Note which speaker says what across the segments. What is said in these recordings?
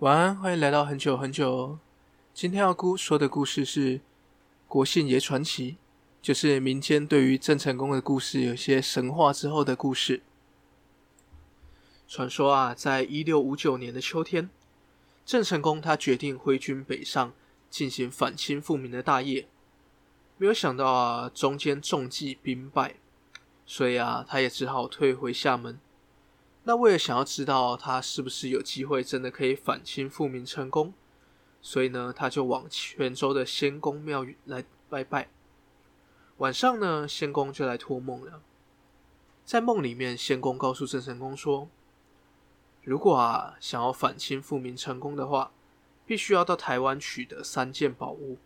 Speaker 1: 晚安，歡迎來到很久很久。哦，今天要姑說的故事是《國姓爺傳奇》，就是民間對於鄭成功的故事，有些神話之後的故事。傳說啊，在一六五九年的秋天，鄭成功他決定揮軍北上，進行反清復明的大業。沒有想到啊，中間中計兵敗，所以啊，他也只好退回廈門。那為了想要知道他是不是有機會真的可以反清復明成功，所以呢，他就往泉州的仙公廟來拜拜。晚上呢，仙公就來托夢了。在夢裡面，仙公告訴鄭成功說：“如果啊想要反清復明成功的話，必須要到台灣取得三件寶物。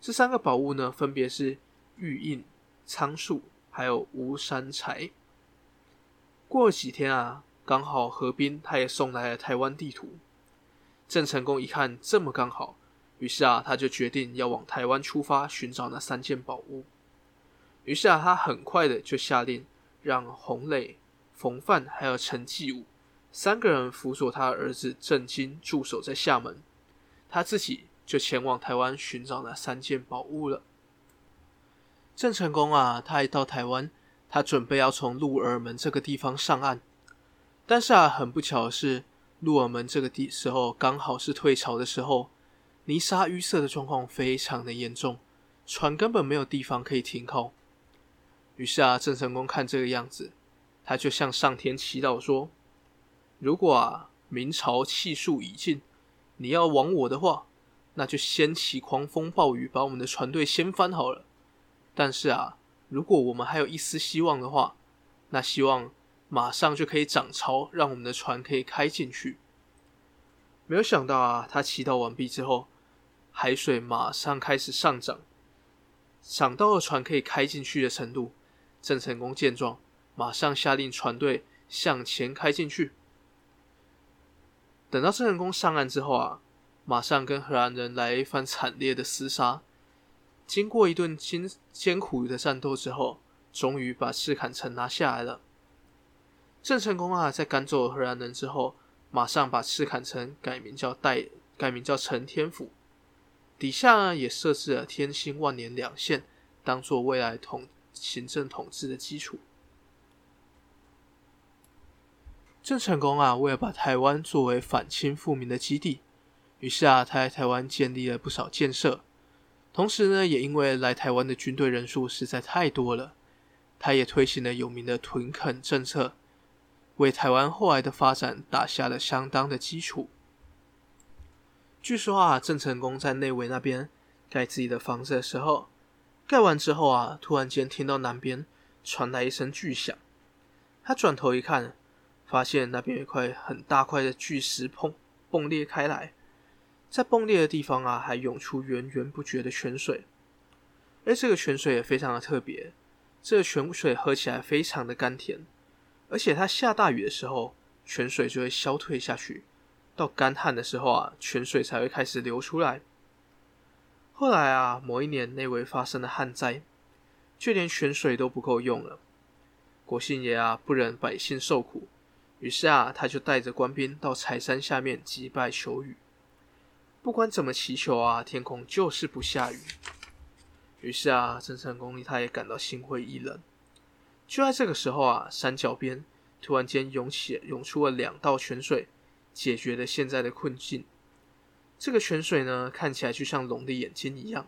Speaker 1: 這三個寶物呢，分別是玉印、蒼樹，還有吳山柴。”過了幾天啊，剛好何斌他也送來了台灣地圖。鄭成功一看這麼剛好，於是啊，他就決定要往台灣出發尋找那三件寶物。於是啊，他很快的就下令讓洪磊、馮范還有陳繼武三個人輔佐他兒子鄭經駐守在廈門，他自己就前往台灣尋找那三件寶物了。鄭成功啊，他一到台灣，他準備要從鹿耳門這個地方上岸，但是啊，很不巧的是，鹿耳門這個地時候剛好是退潮的時候，泥沙淤塞的狀況非常的嚴重，船根本沒有地方可以停靠。於是啊，鄭成功看這個樣子，他就向上天祈禱說：“如果啊，明朝氣數已盡，你要亡我的話，那就掀起狂風暴雨，把我們的船隊掀翻好了。”但是啊。如果我們還有一絲希望的話，那希望馬上就可以漲潮，讓我們的船可以開進去。沒有想到啊，他祈禱完畢之後，海水馬上開始上漲，漲到了船可以開進去的程度。鄭成功見狀，馬上下令船隊向前開進去。等到鄭成功上岸之後啊，馬上跟荷蘭人來一番慘烈的廝殺。經過一頓艱艱苦的戰鬥之後，終於把赤坎城拿下來了。鄭成功啊，在趕走荷蘭人之後，馬上把赤坎城改名叫代改名叫承天府，底下、啊、也設置了天興、萬年兩縣，當做未來統行政統治的基礎。鄭成功啊，為了把台灣作為反清復明的基地，於是啊，他在台灣建立了不少建設。同時呢，也因為來台灣的軍隊人數實在太多了，他也推行了有名的屯墾政策，為台灣後來的發展打下了相當的基礎。據說啊，鄭成功在內圍那邊蓋自己的房子的時候，蓋完之後啊，突然間聽到南邊傳來一聲巨響，他轉頭一看，發現那邊有一塊很大塊的巨石碰崩裂開來。在崩裂的地方啊，還湧出源源不絕的泉水，而、欸、這個泉水也非常的特別。這個、泉水喝起來非常的甘甜，而且它下大雨的時候，泉水就會消退下去；到乾旱的時候啊，泉水才會開始流出來。後來啊，某一年內惟發生了旱災，就連泉水都不夠用了。國姓爺啊，不忍百姓受苦，於是啊，他就帶着官兵到柴山下面祭拜求雨。不管怎麼祈求啊，天空就是不下雨。於是啊，鄭成功他也感到心灰意冷。就在這個時候啊，山腳邊突然間湧起湧出了兩道泉水，解決了現在的困境。這個泉水呢，看起來就像龍的眼睛一樣。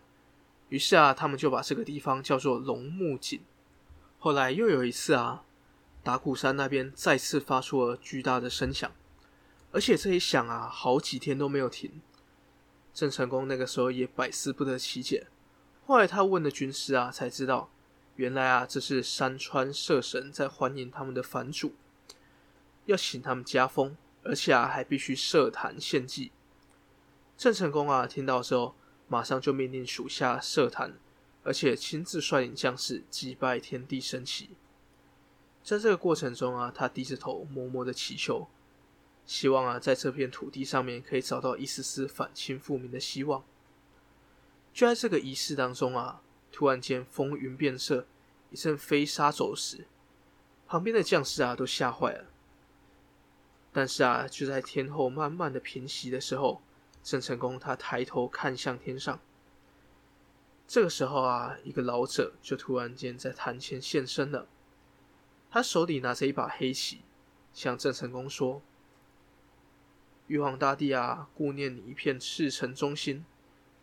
Speaker 1: 於是啊，他們就把這個地方叫做龍目井。後來又有一次啊，打鼓山那邊再次發出了巨大的聲響，而且這一響啊，好幾天都沒有停。鄭成功那個時候也百思不得其解，後來他問了軍師啊，才知道原來啊，這是山川社神在歡迎他們的藩主，要請他們加封，而且啊還必須設壇獻祭。鄭成功啊聽到之後，馬上就命令屬下設壇，而且親自率領將士祭拜天地神祇。在這個過程中啊，他低着頭默默的祈求。希望啊，在這片土地上面可以找到一絲絲反清復明的希望。就在這個儀式當中啊，突然間風雲變色，一陣飛沙走石，旁邊的將士啊都嚇壞了。但是啊，就在天候慢慢的平息的時候，鄭成功他抬頭看向天上。這個時候啊，一個老者就突然間在壇前現身了，他手裡拿着一把黑旗，向鄭成功說。玉皇大帝啊，顧念你一片赤誠忠心，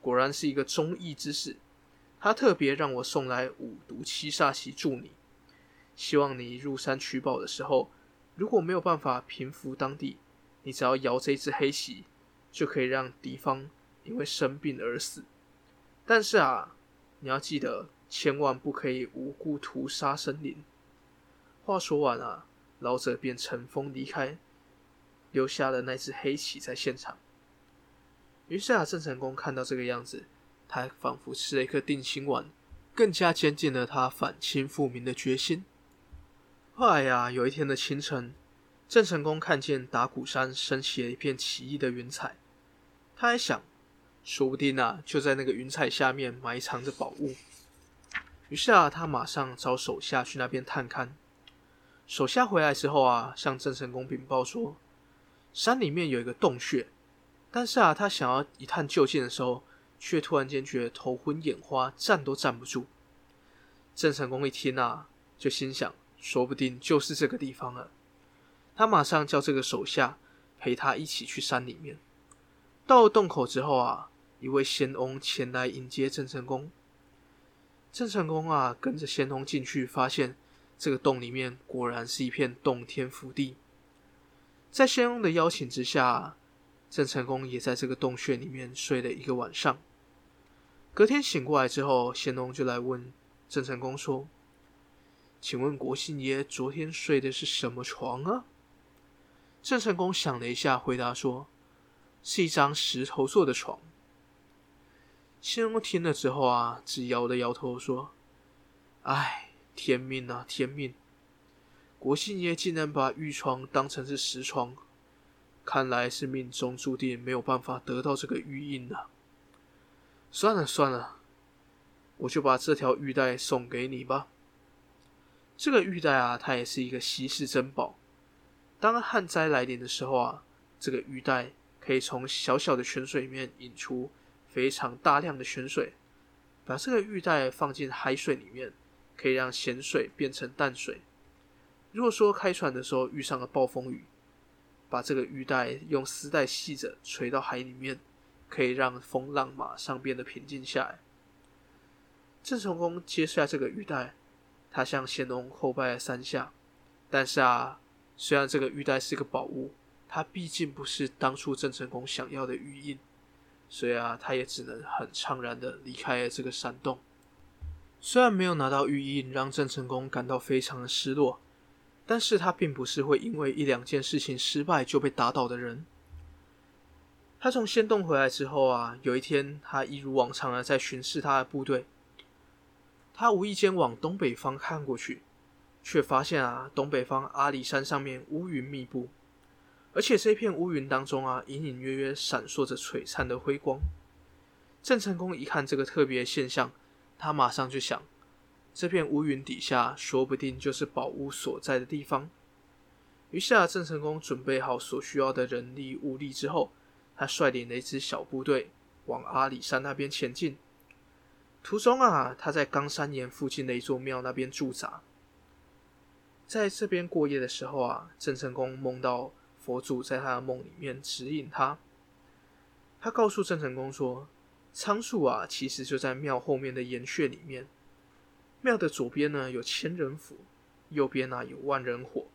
Speaker 1: 果然是一個忠義之士。他特別讓我送來五毒七煞旗助你，希望你入山取寶的時候，如果沒有辦法平復當地，你只要搖這一支黑旗，就可以讓敵方因為生病而死。但是啊，你要記得，千萬不可以無故屠殺生靈。話說完啊，老者便乘風離開。留下了那隻黑棋在現場。於是啊，鄭成功看到這個樣子，他仿佛吃了一顆定心丸，更加堅定了他反清復明的決心。後來啊，有一天的清晨，鄭成功看見打鼓山升起了一片奇異的雲彩，他還想，說不定啊，就在那個雲彩下面埋藏着寶物。於是啊，他馬上找手下去那邊探看，手下回來之後啊，向鄭成功禀報說。山裡面有一個洞穴，但是啊，他想要一探究竟的時候，卻突然間覺得頭昏眼花，站都站不住。鄭成功一聽啊，就心想：說不定就是這個地方了。他馬上叫這個手下陪他一起去山裡面。到了洞口之後啊，一位仙翁前來迎接鄭成功。鄭成功啊，跟着仙翁進去，發現這個洞裡面果然是一片洞天福地。在仙翁的邀請之下，鄭成功也在這個洞穴裡面睡了一個晚上。隔天醒過來之後，仙翁就來問鄭成功說：“請問國姓爺昨天睡的是什麼床啊？”鄭成功想了一下，回答說：“是一張石頭做的床。”仙翁聽了之後啊，只搖了搖頭說：“唉，天命啊，天命。”國姓爺竟然把玉床當成是石床，看來是命中注定沒有辦法得到這個玉印了。算了算了，我就把這條玉帶送給你吧。這個玉帶啊，它也是一個稀世珍寶。當旱災來臨的時候啊，這個玉帶可以從小小的泉水裡面引出非常大量的泉水。把這個玉帶放進海水裡面，可以讓鹹水變成淡水。如果說開船的時候遇上了暴風雨，把這個玉帶用絲帶繫着垂到海裡面，可以讓風浪馬上變得平靜下來。鄭成功接下來這個玉帶，他向仙翁叩拜了三下。但是啊，雖然這個玉帶是個寶物，它畢竟不是當初鄭成功想要的玉印，所以啊，他也只能很悵然的離開了這個山洞。雖然沒有拿到玉印，讓鄭成功感到非常的失落。但是他並不是會因為一兩件事情失敗就被打倒的人。他從仙洞回來之後啊，有一天他一如往常的在巡視他的部隊，他無意間往東北方看過去，卻發現啊東北方阿里山上面烏雲密布，而且這片烏雲當中啊隱隱約約閃爍着璀璨的輝光。鄭成功一看這個特別現象，他馬上就想。這片烏雲底下，說不定就是寶物所在的地方。於是啊，鄭成功準備好所需要的人力物力之後，他率領了一支小部隊往阿里山那邊前進。途中啊，他在岡山岩附近的一座廟那邊駐紮，在這邊過夜的時候啊，鄭成功夢到佛祖在他的夢裡面指引他，他告訴鄭成功說：“倉促啊，其實就在廟後面的岩穴裡面。”廟的左邊呢，有千人府，右邊呢、啊、有萬人火。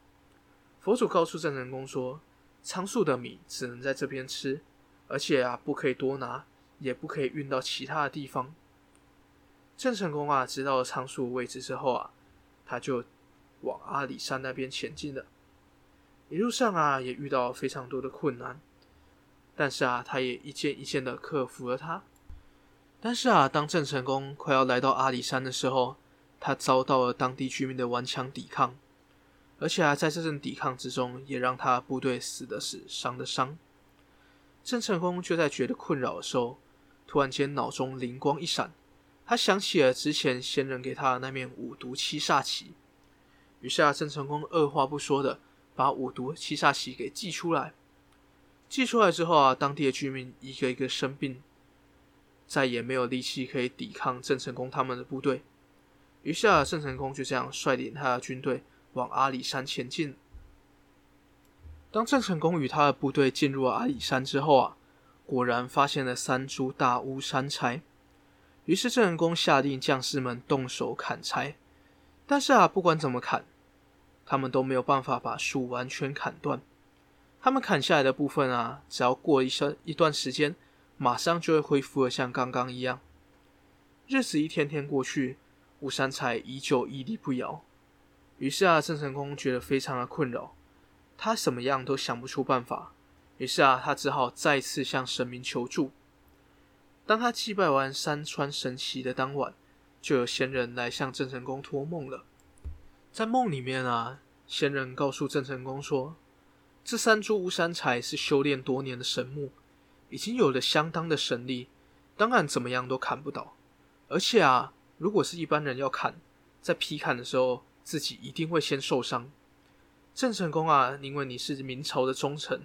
Speaker 1: 佛祖告訴鄭成功說：“倉粟的米只能在這邊吃，而且啊，不可以多拿，也不可以運到其他的地方。”鄭成功啊知道了倉粟位置之後啊，他就往阿里山那邊前進了。一路上啊也遇到非常多的困難，但是啊他也一件一件的克服了它。但是啊，當鄭成功快要來到阿里山的時候，他遭到了當地居民的頑強抵抗，而且啊在這陣抵抗之中，也讓他的部隊死的死傷的傷。鄭成功就在覺得困擾的時候，突然間腦中靈光一閃，他想起了之前先人給他的那面五毒七煞旗。於是啊，鄭成功二話不說的把五毒七煞旗給祭出來。祭出來之後啊，當地的居民一個一個，一個生病，再也沒有力氣可以抵抗鄭成功他們的部隊。於是、啊，鄭成功就這樣率領他的軍隊往阿里山前進。當鄭成功與他的部隊進入了阿里山之後啊，果然發現了三株大烏山柴。於是，鄭成功下令將士們動手砍柴。但是啊，不管怎麼砍，他們都沒有辦法把樹完全砍斷。他們砍下來的部分啊，只要過一些一段時間，馬上就會恢復的像剛剛一樣。日子一天天過去。吳三才依舊屹立不搖，於是啊，鄭成功覺得非常的困擾，他什麼樣都想不出辦法，於是啊，他只好再次向神明求助。當他祭拜完山川神祇的當晚，就有仙人來向鄭成功托夢了。在夢裡面啊，仙人告訴鄭成功說，這三株吳三才是修煉多年的神木，已經有了相當的神力，當然怎麼樣都砍不倒，而且啊。如果是一般人要砍，在劈砍的時候，自己一定會先受傷。鄭成功啊，因為你是明朝的忠臣，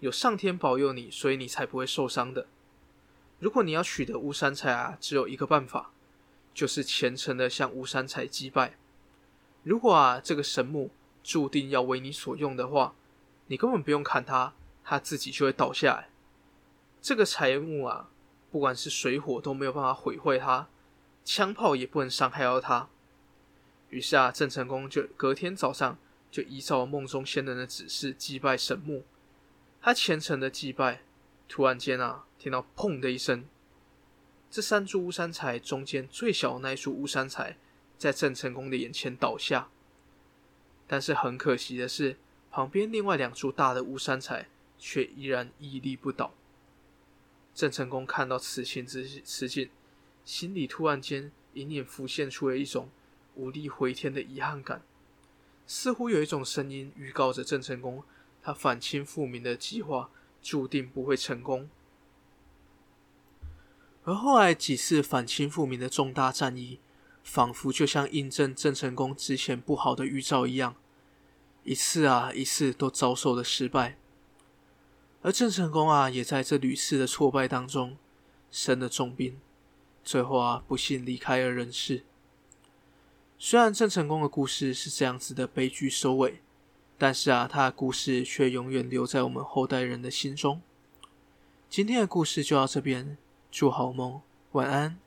Speaker 1: 有上天保佑你，所以你才不會受傷的。如果你要取得烏山柴啊，只有一個辦法，就是虔誠的向烏山柴祭拜。如果啊，這個神木注定要為你所用的話，你根本不用砍它，它自己就會倒下來。這個柴木啊，不管是水火都沒有辦法毀壞它。槍炮也不能傷害到他。於是啊，鄭成功就隔天早上就依照夢中仙人的指示祭拜神木。他虔誠的祭拜，突然間啊，聽到“砰”的一聲，這三株烏山柴中間最小的那一株烏山柴，在鄭成功的眼前倒下。但是很可惜的是，旁邊另外兩株大的烏山柴卻依然屹立不倒。鄭成功看到此情此景。心裡突然間隱隱浮現出了一種無力回天的遺憾感，似乎有一種聲音預告着鄭成功他反清復明的計劃注定不會成功。而後來幾次反清復明的重大戰役，仿佛就像印證鄭成功之前不好的預兆一樣，一次啊一次都遭受了失敗。而鄭成功啊，也在這屢次的挫敗當中生了重病。最後啊，不幸離開了人世。雖然鄭成功的故事是這樣子的悲劇收尾，但是啊，他的故事卻永遠留在我們後代人的心中。今天的故事就到這邊，祝好夢，晚安。